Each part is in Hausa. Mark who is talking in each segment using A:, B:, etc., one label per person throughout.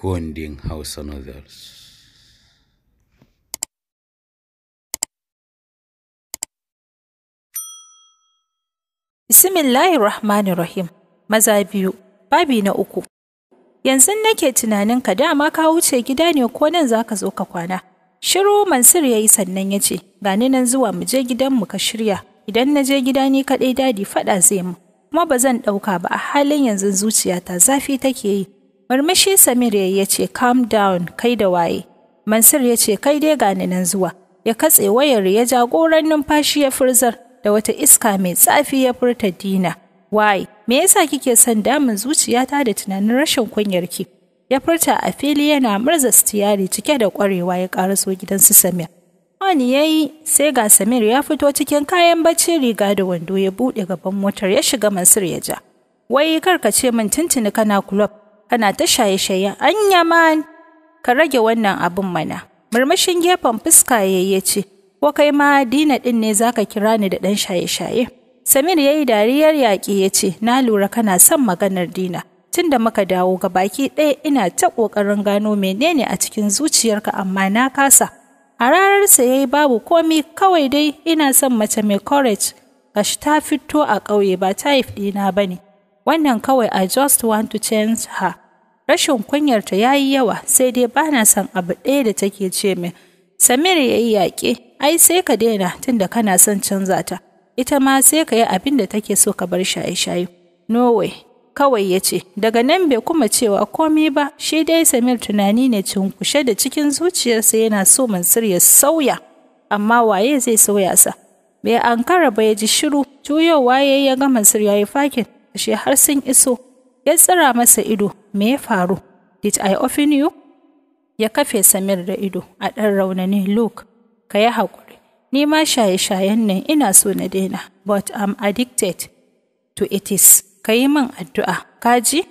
A: kundin Hausa Novels.
B: rahim, Maza biyu, babi na uku. Yanzu nake tunanin ka dama ka wuce gida ne ko nan za ka zo ka kwana. Shiru Mansur ya yi sannan ya ce, Gani nan zuwa mu je gidan mu ka shirya, idan na je gida ni kaɗai dadi faɗa zai mu. Kuma ba zan ɗauka ba a halin yanzu zuciyata zafi take yi, Murmushi Samir ya ce, Calm down, kai da waye. Mansur ya ce, Kai dai gani nan zuwa. Ya katse wayar ya ja jagoran numfashi ya furzar da wata iska mai tsafi ya furta dina. Wai, me yasa kike son damun zuciyata da tunanin rashin kunyarki? Ya furta a fili yana murza stiyari cike da kwarewa ya ƙara gidan su Samir. Wani ya yi sai ga Samir ya fito cikin kayan bacci riga da wando ya buɗe gaban motar ya shiga Mansur ya ja. Wai ce min tuntuni kana kulob Kana ta shaye-shaye anya man ka rage wannan abin mana murmushin gefen fuska ya ce ko kai ma dina din ne zaka kira ni da ɗan shaye-shaye samir ya yi dariyar yaƙi ya ce na lura kana son maganar dina tun da muka dawo ga baki ɗaya ina ta ƙoƙarin gano menene a cikin zuciyarka amma na kasa a rararsa ya yi babu komi kawai dai ina son mace mai courage gashi ta fito a ƙauye ba type ɗina ba ne wannan kawai I just want to change her. Rashin kunyarta ya yi yawa sai dai ba na son abu ɗaya da take ce min. Samir ya yi yaƙe, ai sai ka daina tun da kana son canza ta. Ita ma sai ka yi abin da take so ka bar shaye-shaye. Norway, kawai ya ce, daga nan bai kuma cewa komai ba, shi dai Samir tunani ne cunkushe da cikin zuciyarsa yana so Mansur ya sauya. Amma waye zai sauya sa? Bai ankara ba ya ji shiru, juyowa ya yi ya ga Mansur ya yi fakin, ashe har sun iso, ya tsira masa ido, me ya faru? Did I offend you? Ya kafe Samir da ido a ɗan raunani Luke, ka yi hakuri. ni ma shaye-shayen nan ina so na daina, but I'm addicted to it is, ka yi min addu'a, kaji?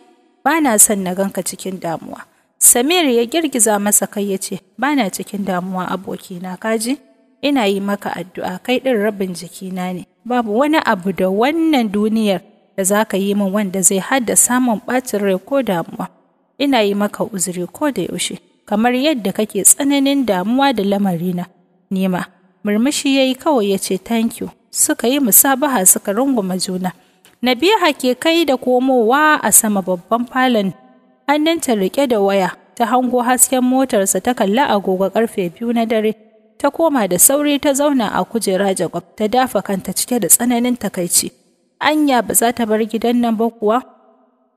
B: Ba na son na ganka cikin damuwa. Samir ya girgiza masa kai ya ce, Ba na cikin damuwa abokina, kaji? Ina yi maka addu'a, kai ɗin rabin jikina ne, babu wani abu da wannan duniyar da za ka yi min wanda zai haddasa samun ɓacin rai ko damuwa. Ina yi maka uzuri ko da yaushe, kamar yadda kake tsananin damuwa da lamarina. Nima, murmushi ya yi kawai ya ce thank you, suka yi musabaha suka runguma juna. Nabiha ke kai da komowa a sama babban falon, hannunta rike da waya, ta hango hasken motarsa ta kalla agogo karfe biyu na dare. ta koma da sauri ta zauna a kujera jagwab ta dafa kanta cike da tsananin takaici anya ba za ta bar gidan nan ba kuwa?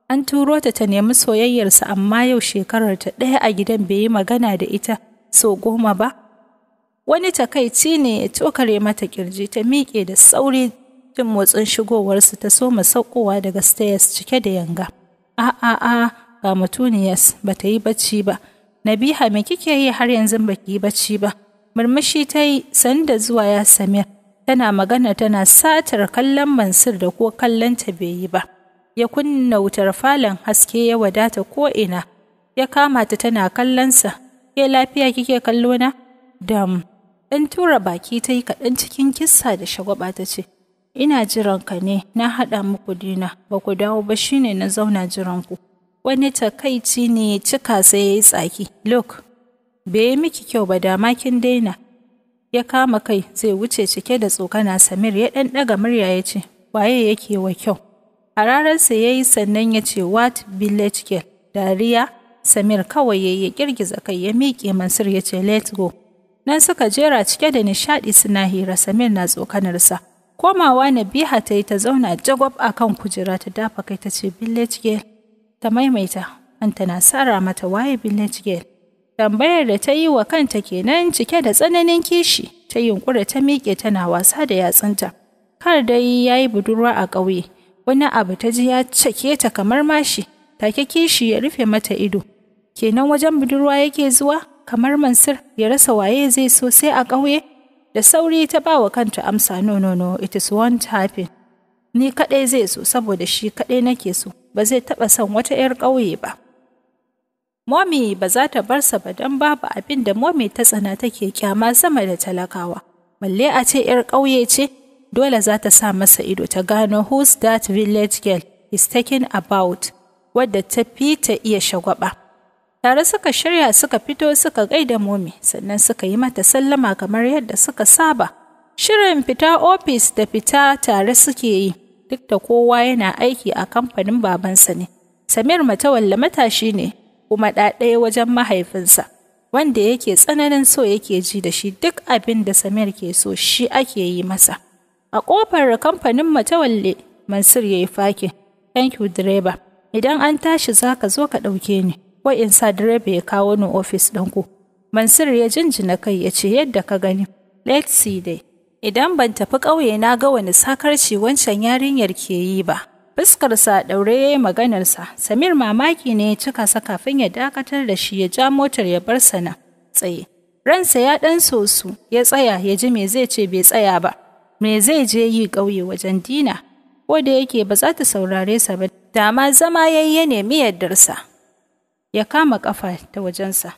B: An turo ta ta nemi soyayyarsa amma yau shekarar ta ɗaya a gidan bai yi magana da ita so goma ba? Wani takaici ne ya tokare mata kirji ta miƙe da sauri jin motsin shigowarsu ta soma saukowa daga stairs cike da yanga. A a a ga mutuniyas ba ta yi bacci ba. Nabiha me kike yi har yanzu ba ki yi bacci ba? Murmushi ta yi sanda zuwa ya Samir. tana magana tana satar kallon Mansur da ko kallonta bai yi ba. Ya kunna wutar falon haske ya wadata ko'ina, ya kama ta tana kallonsa, ke lafiya kike kallo na? Dam, ɗan tura baki ta yi kaɗan cikin kisa da shagwaba ta ce, Ina jiranka ne, na haɗa muku dina, ba ku dawo ba shine na zauna jiranku. Wani takaici ne cika sai ya yi tsaki, Look, bai yi miki kyau ba dama kin daina. ya kama kai zai wuce cike da tsokana Samir ya ɗan ɗaga murya ya ce, waye yake wa kyau. A rararsa ya yi sannan ya ce, what village girl, dariya, Samir kawai ya yi girgiza kai ya miƙe Mansur ya ce, let's go. Nan suka jera cike da nishaɗi suna hira Samir na tsokanarsa. Komawa Nabiha ta yi ta zauna jagwab a kan kujera ta dafa kai ta ce, village girl, ta maimaita, an tana sara mata waye village girl. Tambayar da ta yi wa kanta kenan cike da tsananin kishi, ta yunkura ta miƙe tana wasa da yatsunta. Kar dai ya yi budurwa a ƙauye, wani abu ta ji ya cake ta kamar mashi, take kishi ya rufe mata ido. Kenan wajen budurwa yake zuwa, kamar Mansur ya rasa waye zai so sai a ƙauye? Da sauri ta ba wa kanta amsa no no it is one happen. Ni kaɗai zai so saboda shi kaɗai nake so, ba zai taɓa son wata ‘yar ƙauye ba. Momi ba za ta bar sa ba don babu abin da Momi ta tsana take kyama sama da talakawa. Malle a ce ‘yar ƙauye ce, dole za ta sa masa ido ta gano who's that village girl is taking about, wadda ta fi ta iya shagwaba. Tare suka shirya suka fito suka gaida Momi, sannan suka yi mata sallama kamar yadda suka saba. Shirin fita ofis da fita tare suke yi, duk da kowa yana aiki a kamfanin babansa ne. Samir Matawalla matashi ne kuma ɗa ɗaya wajen mahaifinsa, wanda yake tsananin so yake ji da shi duk abin da Samir ke so shi ake yi masa. A ƙofar kamfanin matawalle, Mansur ya yi fakin, thank you direba, idan an tashi za ka zo ka ɗauke ni, ko in sa direba ya kawo ni ofis ɗinku. Mansur ya jinjina kai ya ce yadda ka gani, let's see dai. Idan ban tafi ƙauye na ga wani sakarci wancan yarinyar ke yi ba. fuskarsa ɗaure ya yi maganarsa samir mamaki ne ya cika sa kafin ya dakatar da shi ya ja motar ya bar sana tsaye ransa ya ɗan sosu ya tsaya ya ji me zai ce bai tsaya ba me zai je yi ƙauye wajen dina ko da yake ba za ta saurare sa ba dama zama ya yi ya nemi yardarsa ya kama ƙafa ta wajensa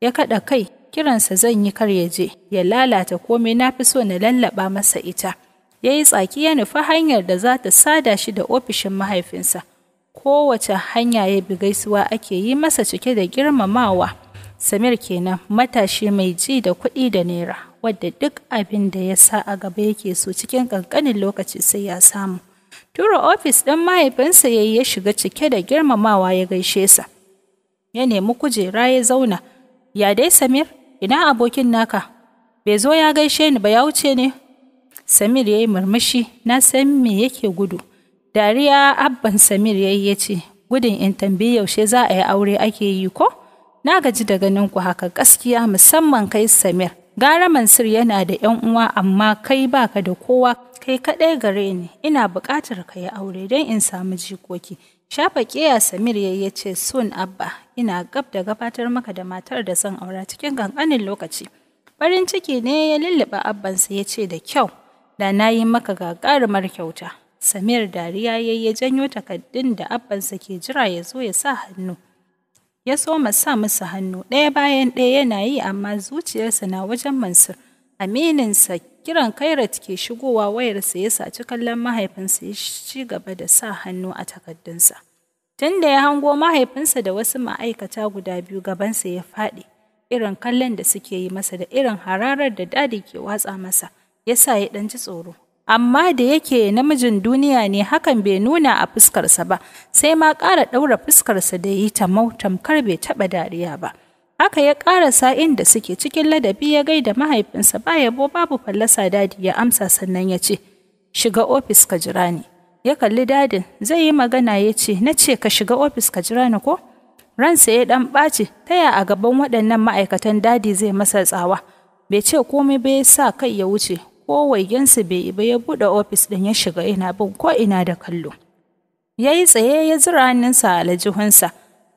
B: ya kaɗa kai kiransa zan yi kar ya je ya lalata komai na fi so na lallaɓa masa ita ya yi tsaki ya nufi hanyar da za ta sada shi da ofishin mahaifinsa. Kowace hanya ya bi gaisuwa ake yi masa cike da girmamawa. Samir kenan matashi mai ji da kuɗi da naira, wadda duk abin da ya sa a gaba yake so cikin ƙanƙanin lokaci sai ya samu. Tura ofis ɗin mahaifinsa ya yi ya shiga cike da girmamawa ya gaishe sa. Ya nemi kujera ya zauna. Ya dai Samir, ina abokin naka? Bai zo ya gaishe ni ba ya wuce ne? Samir ya yi murmushi, na san me yake gudu. Dariya abban Samir ya yi ya ce, gudun in tambayi yaushe za a yi aure ake yi ko? Na gaji da ganin ku haka gaskiya musamman kai Samir. Gara Mansur yana da ‘yan uwa amma kai baka da kowa kai kaɗai gare ni ina buƙatar ka yi aure don in samu jikoki. Shafa ƙeya Samir ya ya ce sun abba ina gab da gabatar maka da matar da zan aura cikin ƙanƙanin lokaci. Farin ciki ne ya lulluɓe abbansa ya ce da kyau. da na yi maka gagarumar kyauta. Samir dariya ya ya janyo takaddun da abbansa ke jira ya zo ya sa hannu. Ya so sa musu hannu ɗaya bayan ɗaya yana yi amma zuciyarsa na wajen Mansur. Amininsa kiran Kairat ke shigowa wayarsa ya saci kallon mahaifinsa ya ci gaba da sa hannu a takaddunsa. Tun da ya hango mahaifinsa da wasu ma'aikata guda biyu gabansa ya faɗi, irin kallon da suke yi masa da irin hararar da dadi ke watsa masa. ya sa ya ɗan ji tsoro. Amma da yake namijin duniya ne hakan bai nuna a fuskarsa ba, sai ma ƙara ɗaura fuskarsa da yi ta tamau tamkar bai taɓa dariya ba. Haka ya ƙara sa inda suke cikin ladabi ya gaida mahaifinsa ba yabo babu fallasa dadi ya amsa sannan ya ce, Shiga ofis ka jira ni. Ya kalli dadin zai yi magana ya ce, Na ce ka shiga ofis ka jira ni ko? ransa ya ɗan ɓaci taya a gaban waɗannan ma'aikatan dadi zai masa tsawa bai ce komai bai sa kai ya wuce ko waigensu bai yi ba ya buɗe ofis ɗin ya shiga ina bin ko ina da kallo. Ya yi tsaye ya zira hannunsa a aljihunsa,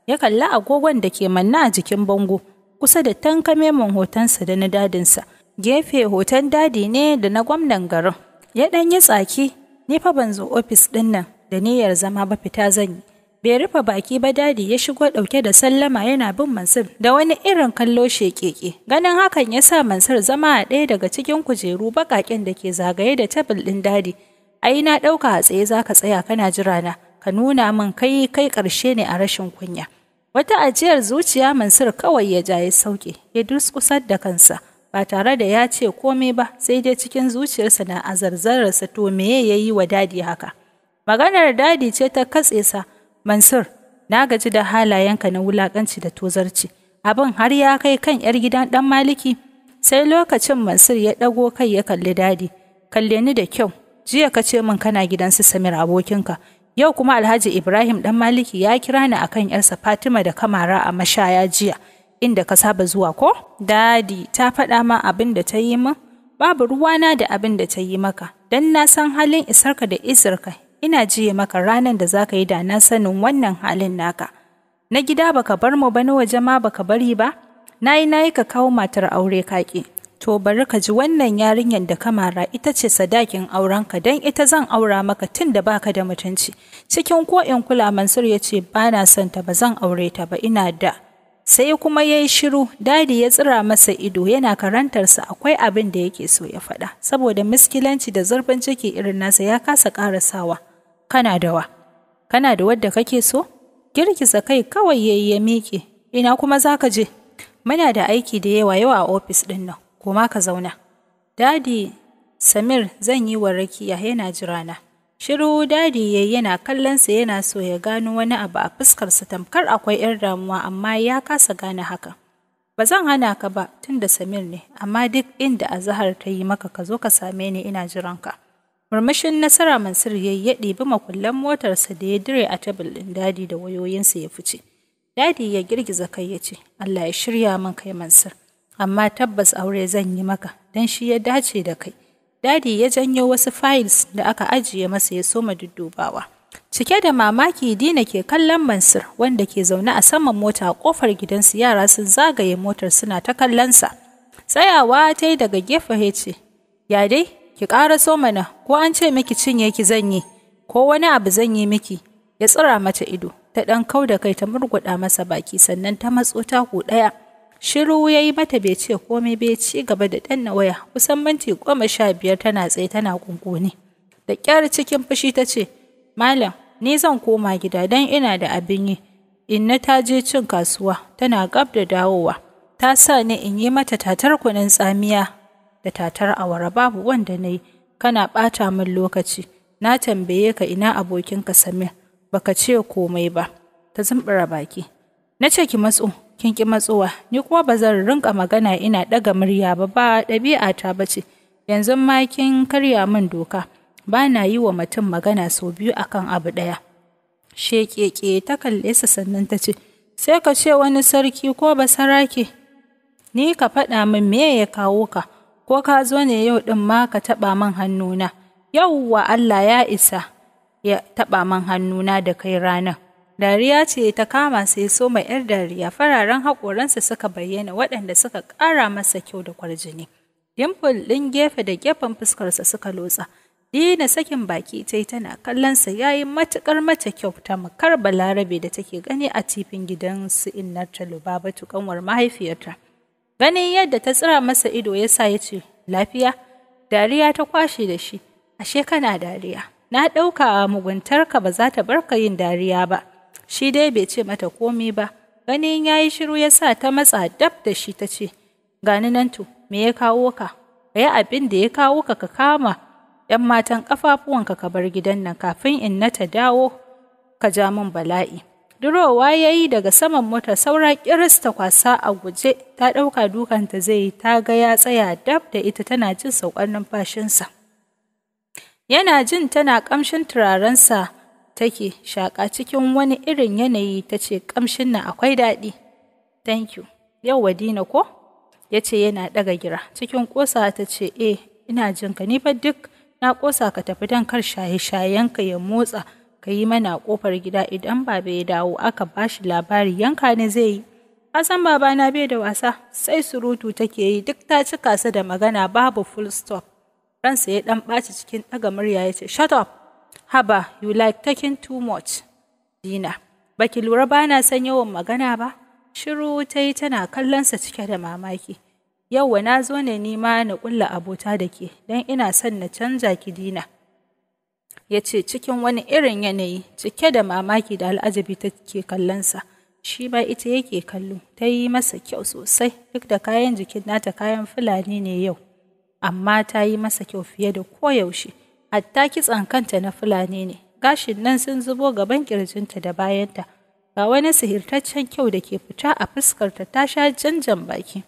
B: ya kalli agogon da ke manna a jikin bango kusa da tankame man hotonsa da na dadinsa. Gefe hoton dadi ne da na gwamnan garin. Ya ɗan yi tsaki, ni fa ban zo ofis ɗin nan da niyyar zama ba fita zan yi. bai rufe baki ba dadi ya shigo ɗauke da sallama yana bin Mansur da wani irin kallo sheƙeƙe. Ganin hakan ya sa Mansur zama a ɗaya daga cikin kujeru baƙaƙen da ke zagaye da tabil ɗin dadi. Ai na ɗauka a tsaye za ka tsaya kana jira na, ka nuna min kai kai ƙarshe ne a rashin kunya. Wata ajiyar zuciya Mansur kawai ya ja ya sauke, ya durskusar da kansa. Ba tare da ya ce komai ba, sai dai cikin zuciyarsa na azarzararsa to meye ya yi wa dadi haka. Maganar dadi ce ta katse sa, Mansur, na gaji da halayenka na wulaƙanci da tozarci, abin har ya kai kan ‘yar gidan ɗan Maliki, sai lokacin Mansur ya ɗago kai ya kalli dadi, kalle ni da kyau, jiya ka ce min kana gidan su Samir abokinka, yau kuma Alhaji Ibrahim ɗan Maliki ya kira ni akan ‘yarsa Fatima da Kamara a mashaya jiya, inda ka saba zuwa ko? Dadi ta faɗa ma abin da ta yi min, babu ruwana da abin da ta yi maka, don na san halin isarka da izarka ina jiye maka ranan da za ka yi da na sanin wannan halin naka. Na gida baka bar mu ba na waje ma baka bari ba, na yi na ka kawo matar aure kaƙi. To bari ka ji wannan yarinyar da kamara ita ce sadakin aurenka don ita zan aura maka tun da baka da mutunci. Cikin ko in kula Mansur ya ce ba na son ta ba zan aure ta ba ina da. sai kuma ya yi shiru dadi ya tsira masa ido yana karantarsa akwai abin da yake so ya faɗa saboda miskilanci da zurfin ciki irin nasa ya kasa ƙarasawa kana da wa kana da wadda kake so girgiza kai kawai ya yi ya miƙe ina kuma za ka je muna da aiki da yawa yawa a ofis ɗin nan koma ka zauna dadi samir zan yi wa rakiya yana jirana shiru dadi yayi yana sa yana so ya gano wani abu a fuskarsa tamkar akwai 'yar damuwa amma ya kasa gane haka ba zan hana ka ba tun da Samir ne, amma duk inda azahar ta yi maka ka zo ka same ni ina jiranka. Murmushin nasara Mansur ya ya ɗebi makullan motarsa da ya dire a tabil ɗin dadi da wayoyinsa ya fice. Dadi ya girgiza kai ya ce, Allah ya shirya min kai Mansur, amma tabbas aure zan yi maka, don shi ya dace da kai. Dadi ya janyo wasu files da aka ajiye masa ya soma dubawa Cike da mamaki Dina ke kallon Mansur wanda ke zaune a saman mota a kofar gidansu yara sun zagaye motar suna ta kallonsa. Tsayawa ta yi daga gefe ya ce, Ya dai, ki ƙara so mana ko an ce miki cinye ki zanyi ko wani abu zan yi miki ya tsira mata ido ta ɗan kau da kai ta murguɗa masa baki sannan ta matso taku ɗaya shiru ya yi mata bai ce komai bai ci gaba da ɗan na waya kusan minti goma sha biyar tana tsaye tana kunkuni da ƙyar cikin fushi ta ce malam ni zan koma gida don ina da abin yi inna ta je cin kasuwa tana gab da dawowa ta sa ni in yi mata tatar kunun tsamiya da tatar awara babu wanda na yi, kana ɓata min lokaci, na tambaye ka ina abokinka Samir, baka ce komai ba, ta zumbura baki. Na ce ki matso, kin ki matsowa, ni kuma ba zan rinka magana ina ɗaga murya ba ba ɗabi'ata ba ce, yanzu ma kin karya min doka, ba na yi wa mutum magana sau biyu akan abu ɗaya. Sheƙeƙe ta kalle sa sannan ta ce, sai ka ce wani sarki ko basaraki Ni ka faɗa min me ya kawo ka, ko ka zo ne yau ɗin ma ka taɓa man hannuna, yauwa Allah ya isa ya taɓa man hannuna da kai ranar. Dariya ce ta kama sai so mai ‘yar dariya fararen haƙoransa suka bayyana waɗanda suka ƙara masa kyau da kwarjini. Dimple ɗin gefe da gefen fuskarsa suka lotsa. Dina sakin baki ta yi tana kallonsa ya yi matuƙar mata kyau ta makar balarabe da take gani a tifin gidan su innarta Lubabatu kanwar mahaifiyarta. Ganin yadda ta tsira masa ido ya sa ya ce, Lafiya, dariya ta kwashe da shi, ashe kana dariya. Na ɗauka a muguntarka ba za ta barka yin dariya ba, shi dai bai ce mata komi ba. Ganin ya yi shiru ya sa ta matsa dab da shi ta ce, Gani nan to, me ya kawo ka? Ka yi abin da ya kawo ka ka kama ‘yan matan kafafuwanka ka bar gidan nan kafin in na ta dawo ka ja min bala'i. Durowa ya yi daga saman mota saura ƙiris ta kwasa a guje, ta ɗauka dukanta zai yi ta ga ya tsaya dab da ita tana jin saukar numfashinsa. Yana jin tana ƙamshin turarensa take shaƙa cikin wani irin yanayi ta ce ƙamshin na akwai daɗi. Thank you. Yau Wadina ko? Ya ce yana ɗaga gira. Cikin ƙosa ta ce, eh, ina jinka ni fa duk na ƙosa ka tafi don kar shaye-shayenka ya motsa. ka yi mana a ƙofar gida idan baba ya dawo aka ba shi labari yanka ne zai yi. san babana bai da wasa sai surutu take yi duk ta cika su da magana babu full stop. Ransa ya ɗan ɓaci cikin ɗaga murya ya ce, Shut up! Haba, you like taking too much. Dina, baki lura ba na san yawan magana ba? Shiru ta yi tana kallonsa cike da mamaki. Yauwa na zo ne nima na ƙulla abota da ke, don ina son na canza ki Dina. ya ce cikin wani irin yanayi cike da mamaki da al'ajabi ta ke kallonsa shi ma ita yake kallo ta yi masa kyau sosai duk da kayan jikin nata kayan fulani ne yau amma ta yi masa kyau fiye da koyaushe hatta kitsan kanta na fulani ne gashin nan sun zubo gaban kirjinta da bayanta ga wani sihirtaccen kyau da ke fita a fuskarta ta sha janjan baki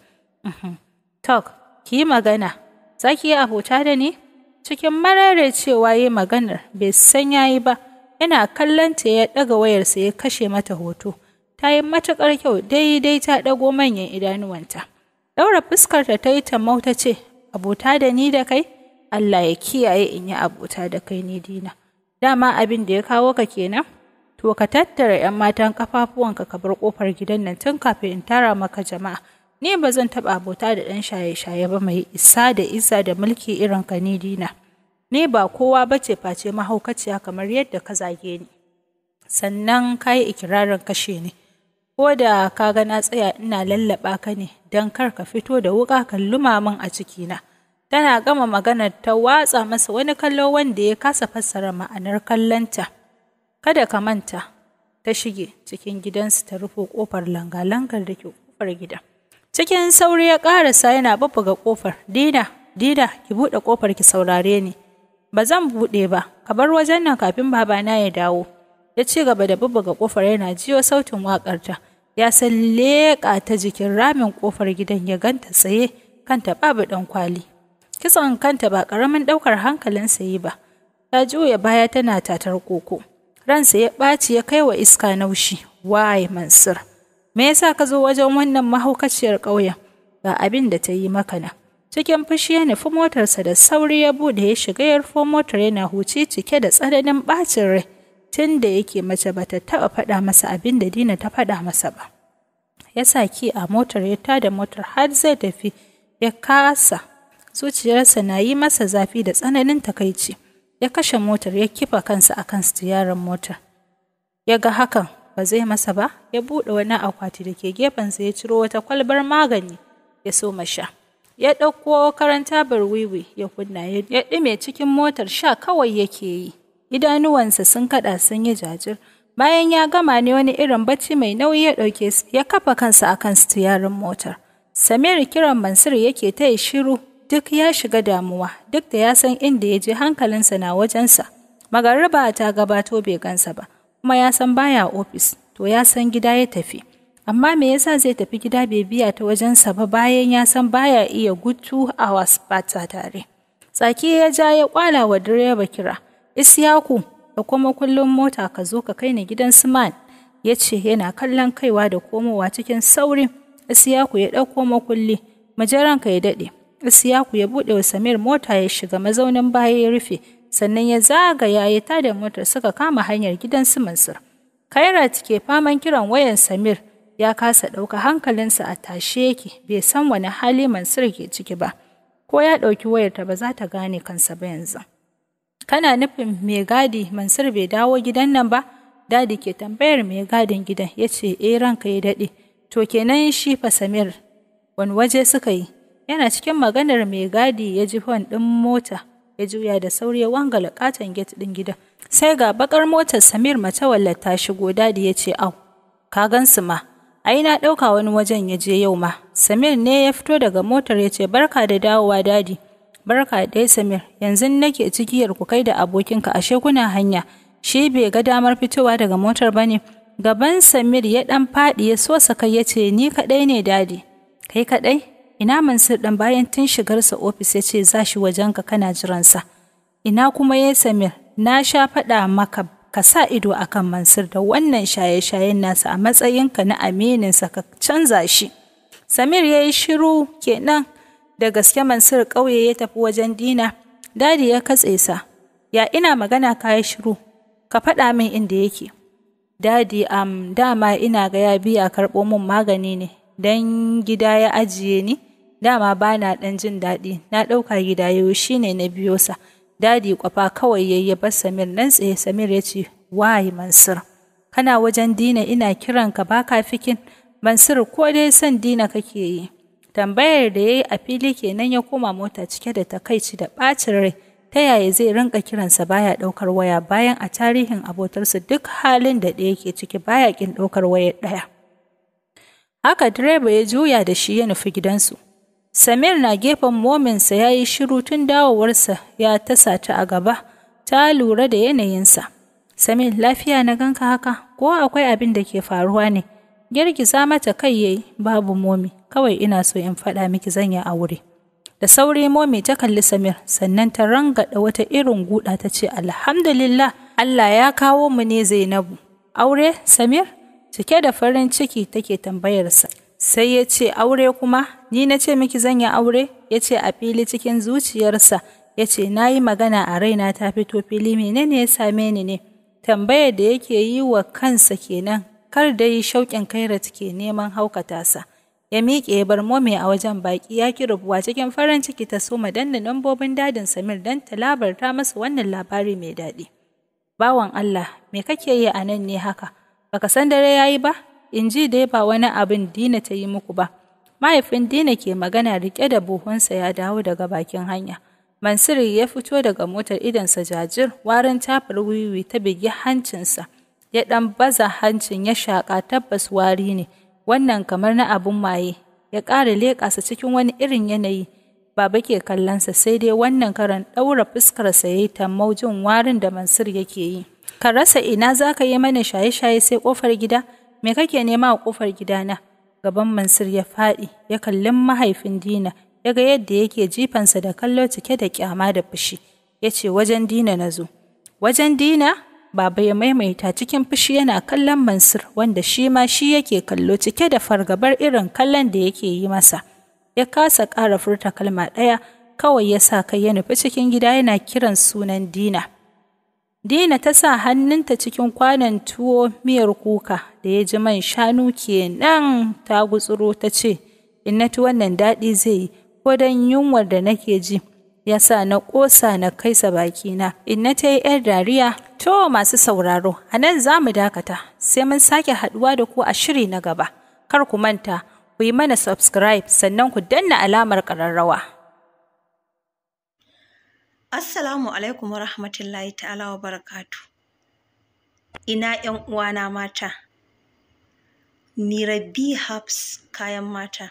B: uhm, tok ki magana za ki yi abota da ni cikin marare cewa yi maganar bai san ya yi ba yana kallonta ya ɗaga wayarsa ya kashe mata hoto ta yi matuƙar kyau daidai ta ɗago manyan idanuwanta ɗaura fuskarta ta yi tamauta ta ce abota da ni da kai Allah ya kiyaye in yi abota da kai ni dina dama abin da ya kawo ka kenan to ka tattara 'yan matan kafafuwanka ka bar kofar gidan nan tun kafin in tara maka jama'a Ni ba zan taɓa abota da ɗan shaye-shaye ba mai isa da isa da mulki irin ka ni dina. Ni ba kowa ba ce face mahaukaciya kamar yadda ka zage ni. Sannan ka yi ikirarin kashe ni. Ko da ka ga na tsaya ina lallaɓa ka ne don kar ka fito da wuƙa kan lumamin a cikina. Tana gama magana ta watsa masa wani kallo wanda ya kasa fassara ma'anar kallonta. Kada ka manta, ta shige cikin gidansu ta rufe ƙofar langa-langar da ke ƙofar gidan. Cikin sauri ya ƙarasa yana babbaga ƙofar. Dina, dina, ki buɗe ƙofar ki saurare ni. Ba zan buɗe ba, ka bar wajen nan kafin babana ya dawo. Ya ci gaba da babbaga ƙofar yana jiyo sautin waƙarta. Ya san leƙa ta jikin ramin ƙofar gidan ya ganta tsaye, kanta babu ɗan kwali. Kitson kanta ba ƙaramin ɗaukar sa yi ba. Ta juya baya tana tatar koko. Ransa ya ɓaci ya kai wa iska naushi. Wai Mansur. Me yasa ka zo wajen wannan mahaukaciyar ƙauyen? ga abin da ta yi maka na. Cikin fushi ya nufi motarsa da sauri ya buɗe ya shiga ya rufo motar yana huci cike da tsananin ɓacin rai tun da yake mace ba ta taɓa faɗa masa abin da Dina ta faɗa masa ba. Ya sa ki a motar ya tada motar har zai tafi ya kasa zuciyarsa na yi masa zafi da tsananin takaici. ya kashe motar ya kifa kansa akan kan motar ya ga hakan ba zai masa ba, ya buɗe wani akwati da ke gefensa ya ciro wata kwalbar magani ya so sha. Ya ɗauko karanta bar wiwi ya kunna ya ɗume cikin motar sha kawai yake yi. Idanuwansa sun kaɗa sun yi jajir. Bayan ya gama ne wani irin bacci mai nauyi ya ɗauke su ya kafa kansa a akan sitiyarin motar. Samir kiran Mansur yake ta yi shiru duk ya shiga damuwa duk da ya san inda ya je hankalinsa na wajensa. Magariba ta gabato bai gansa ba. kuma ya san baya ofis to ya san gida ya tafi amma me yasa zai tafi gida bai biya ta wajensa ba bayan ya san baya iya gutu a wasbata tare tsaki ya ja ya kwala wa direba kira isyaku da kuma kullum mota ka zo ka kai ni gidan suman ya ce yana kallon kaiwa da komowa cikin sauri isiyaku ya ɗauko makulli majaranka ya daɗe isyaku ya buɗe wa samir mota ya shiga mazaunin baya ya rufe sannan ya zagaya ya tada motar suka kama hanyar gidan su Mansur. Kairat ke faman kiran wayan Samir ya kasa ɗauka hankalinsa a tashe yake bai san wani hali Mansur ke ciki ba, ko ya ɗauki wayarta ba za ta gane kansa ba yanzu. Kana nufin mai gadi Mansur bai dawo gidan nan ba? Dadi ke tambayar mai gadin gidan ya ce, E ranka ya daɗe, to kenan shi fa Samir, wani waje suka yi, yana cikin maganar mai gadi ya ji fon ɗin mota ya juya da sauri ya wangala katon gate ɗin gidan. Sai ga bakar motar Samir matawalla ta shigo dadi ya ce au, ka gansu ma, ai na ɗauka wani wajen ya je yau ma. Samir ne ya fito daga motar ya ce barka da dawowa dadi. Barka dai Samir, yanzu nake cikiyar ku kai da abokinka ashe kuna hanya. Shi bai ga damar fitowa daga motar ba ne. Gaban Samir ya ɗan faɗi ya so kai ya ce ni kaɗai ne dadi. Kai kaɗai? ina Mansur ɗin bayan tun shigarsa ofis ya ce za shi wajenka kana jiransa. Ina kuma ya Samir, na sha faɗa maka ka sa ido a kan Mansur da wannan shaye-shayen nasa a matsayinka na amininsa ka canza shi. Samir ya yi shiru kenan da gaske Mansur ƙauye ya tafi wajen Dina, dadi ya katse sa. Ya ina magana ka yi shiru, ka faɗa min inda yake. Dadi am dama ina ga ya biya karɓo min magani ne, dan gida ya ajiye ni, dama ba na ɗan jin daɗi, na ɗauka gida yau shine na biyo sa. Dadi kwafa kawai ya bar Samir nan tsaye, Samir ya ce, Wai Mansur, kana wajen dina ina kiranka ba ka fikin, Mansur ko dai son dina kake yi. Tambayar da ya yi a fili kenan ya koma mota cike da takaici da ɓacin rai, ta yaya zai rinka kiransa baya ɗaukar waya bayan a tarihin abotarsa duk halin da ɗaya ke ciki baya ƙin ɗaukar wayar ɗaya. Haka direba ya juya da shi ya nufi gidansu. Samir na gefen mominsa ya yi shiru tun dawowarsa ya tasa ta a gaba, ta lura da yanayinsa. Samir lafiya na ganka haka, ko akwai abin da ke faruwa ne, girgiza mata kai yayi babu momi, kawai ina so in faɗa miki zanya aure. Da sauri momi ta kalli Samir, sannan ta rangada wata irin guda ta ce, Alhamdulillah, Allah ya kawo mu ne Zainabu. Aure, Samir? cike da farin ciki take tambayarsa. Sai ya ce, Aure kuma, ni na ce miki zan yi aure? Ya ce a fili cikin zuciyarsa, ya ce, Na yi magana a raina ta fito fili menene ya same ni ne? Tambayar da yake yi wa kansa kenan, kar da yi shauƙin kairat ke neman haukata sa. Ya miƙe ya bar mome a wajen baƙi ya ki rubuwa cikin farin ciki ta soma danna lambobin dadin Samir don ta labarta masa wannan labari mai daɗi. Bawan Allah, me kake yi a nan ne haka? Baka san dare ya yi ba? In ji dai ba wani abin Dina ta yi muku ba. Mahaifin Dina ke magana riƙe da buhunsa ya dawo daga bakin hanya. Mansur ya fito daga motar idansa jajir, warin tafar wiwi ta bigi hancinsa. Ya ɗan baza hancin ya shaƙa tabbas wari ne, wannan kamar na abin maye. Ya ƙara leƙasa cikin wani irin yanayi. Baba ke kallonsa sai dai wannan karan ɗaura fuskarsa ya yi tammaujin warin da Mansur yake yi. ka rasa ina za ka yi mana shaye-shaye sai ƙofar gida, me kake nema a ƙofar gidana? Gaban Mansur ya faɗi, ya kalli mahaifin Dina, ya ga yadda yake jifansa da kallo cike da kyama da fushi. Ya ce, wajen Dina na zo. Wajen Dina? Baba ya maimaita cikin fushi yana kallon Mansur wanda shi ma shi yake kallo cike da fargabar irin kallon da yake yi masa. Ya kasa ƙara furta kalma ɗaya, kawai ya sa kai ya nufi cikin gida yana kiran sunan Dina. Dina ta sa hannunta cikin kwanon tuwo miyar kuka da ya ji man shanu kenan ta gutsuro ta ce, in na wannan daɗi zai yi, ko don yunwar da nake ji, ya sa na ƙosa na kaisa bakina, in na ta yi ‘yar dariya, to masu sauraro, a nan za mu dakata, sai mun sake haɗuwa da ku a shiri na gaba, kar ku manta, ku yi mana subscribe sannan ku danna alamar ƙararrawa.
A: Assalamu alaikum wa rahmatullahi ta'ala wa barakatu. Ina ‘yan uwana mata, ni Rabi hafs kayan mata.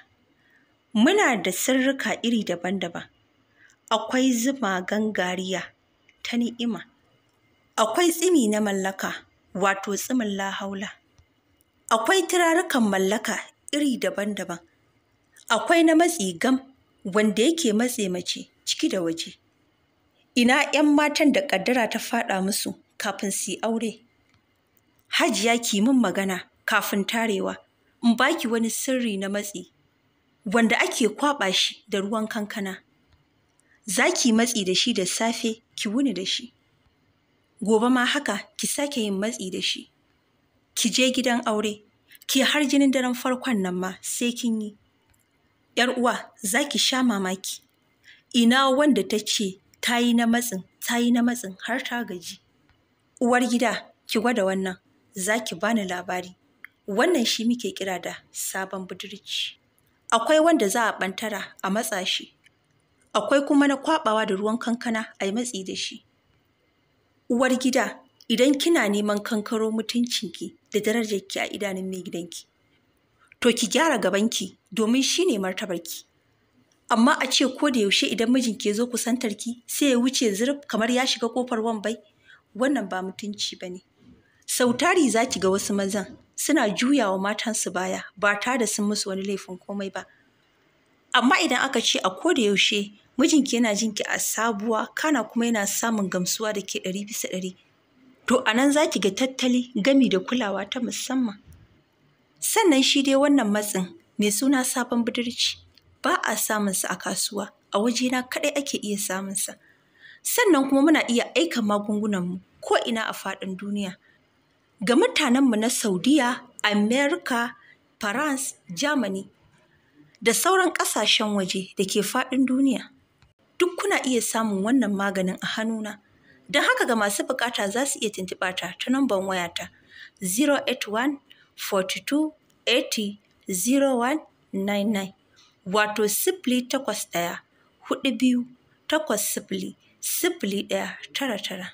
A: Muna da sirrika iri daban-daban. Akwai zuma gangariya ta ni'ima. Akwai tsimi na mallaka, wato tsimin lahaula. Akwai turarukan mallaka iri daban-daban. Akwai na matsi gam, wanda yake matse mace ciki da waje. ina 'yan matan da ƙaddara ta faɗa musu kafin su yi aure hajiya ki min magana kafin tarewa in baki wani sirri na matsi wanda ake kwaɓa shi da ruwan kankana za ki matsi da shi da safe ki wuni da shi gobe ma haka ki sake yin matsi da shi ki je gidan aure ki har jinin daren farkon nan ma sai kin yi yar uwa za ki sha mamaki ina wanda ta ce ta yi na matsin ta yi na matsin har ta gaji uwar gida ki gwada wannan za ki bani labari wannan shi muke kira da sabon budurci akwai wanda za a bantara a matsa shi akwai kuma na kwaɓawa da ruwan kankana a yi matsi da shi uwar gida idan kina neman kankaro mutuncinki da ki a idanun mai gidanki to ki gyara gabanki domin shi ne martabarki amma a ce ko da yaushe idan mijin ke zo kusantar ki sai ya wuce zurf kamar ya shiga kofar wambai wannan ba mutunci ba ne sautari za ki ga wasu mazan suna juyawa matansu baya ba ta da sun musu wani laifin komai ba amma idan aka ce a ko da yaushe mijin ki yana jin ki a sabuwa kana kuma yana samun gamsuwa da ke ɗari bisa ɗari to a nan za ki ga tattali gami da kulawa ta musamman sannan shi dai wannan matsin mai suna sabon budurci ba a samun sa a kasuwa, a wajena kaɗai ake iya samun sa, Sannan kuma muna iya aika magungunan mu ko ina a faɗin duniya. Ga mutanen mu na Saudiya, America France, Germany da sauran ƙasashen waje da ke faɗin duniya. Duk kuna iya samun wannan maganin a hannuna. Don haka ga masu bukata za su iya tuntuɓa ta ta nambar wayata 081 42 80 0199. wato sifili takwas ɗaya huɗu biyu takwas sifili sifili ɗaya tara tara.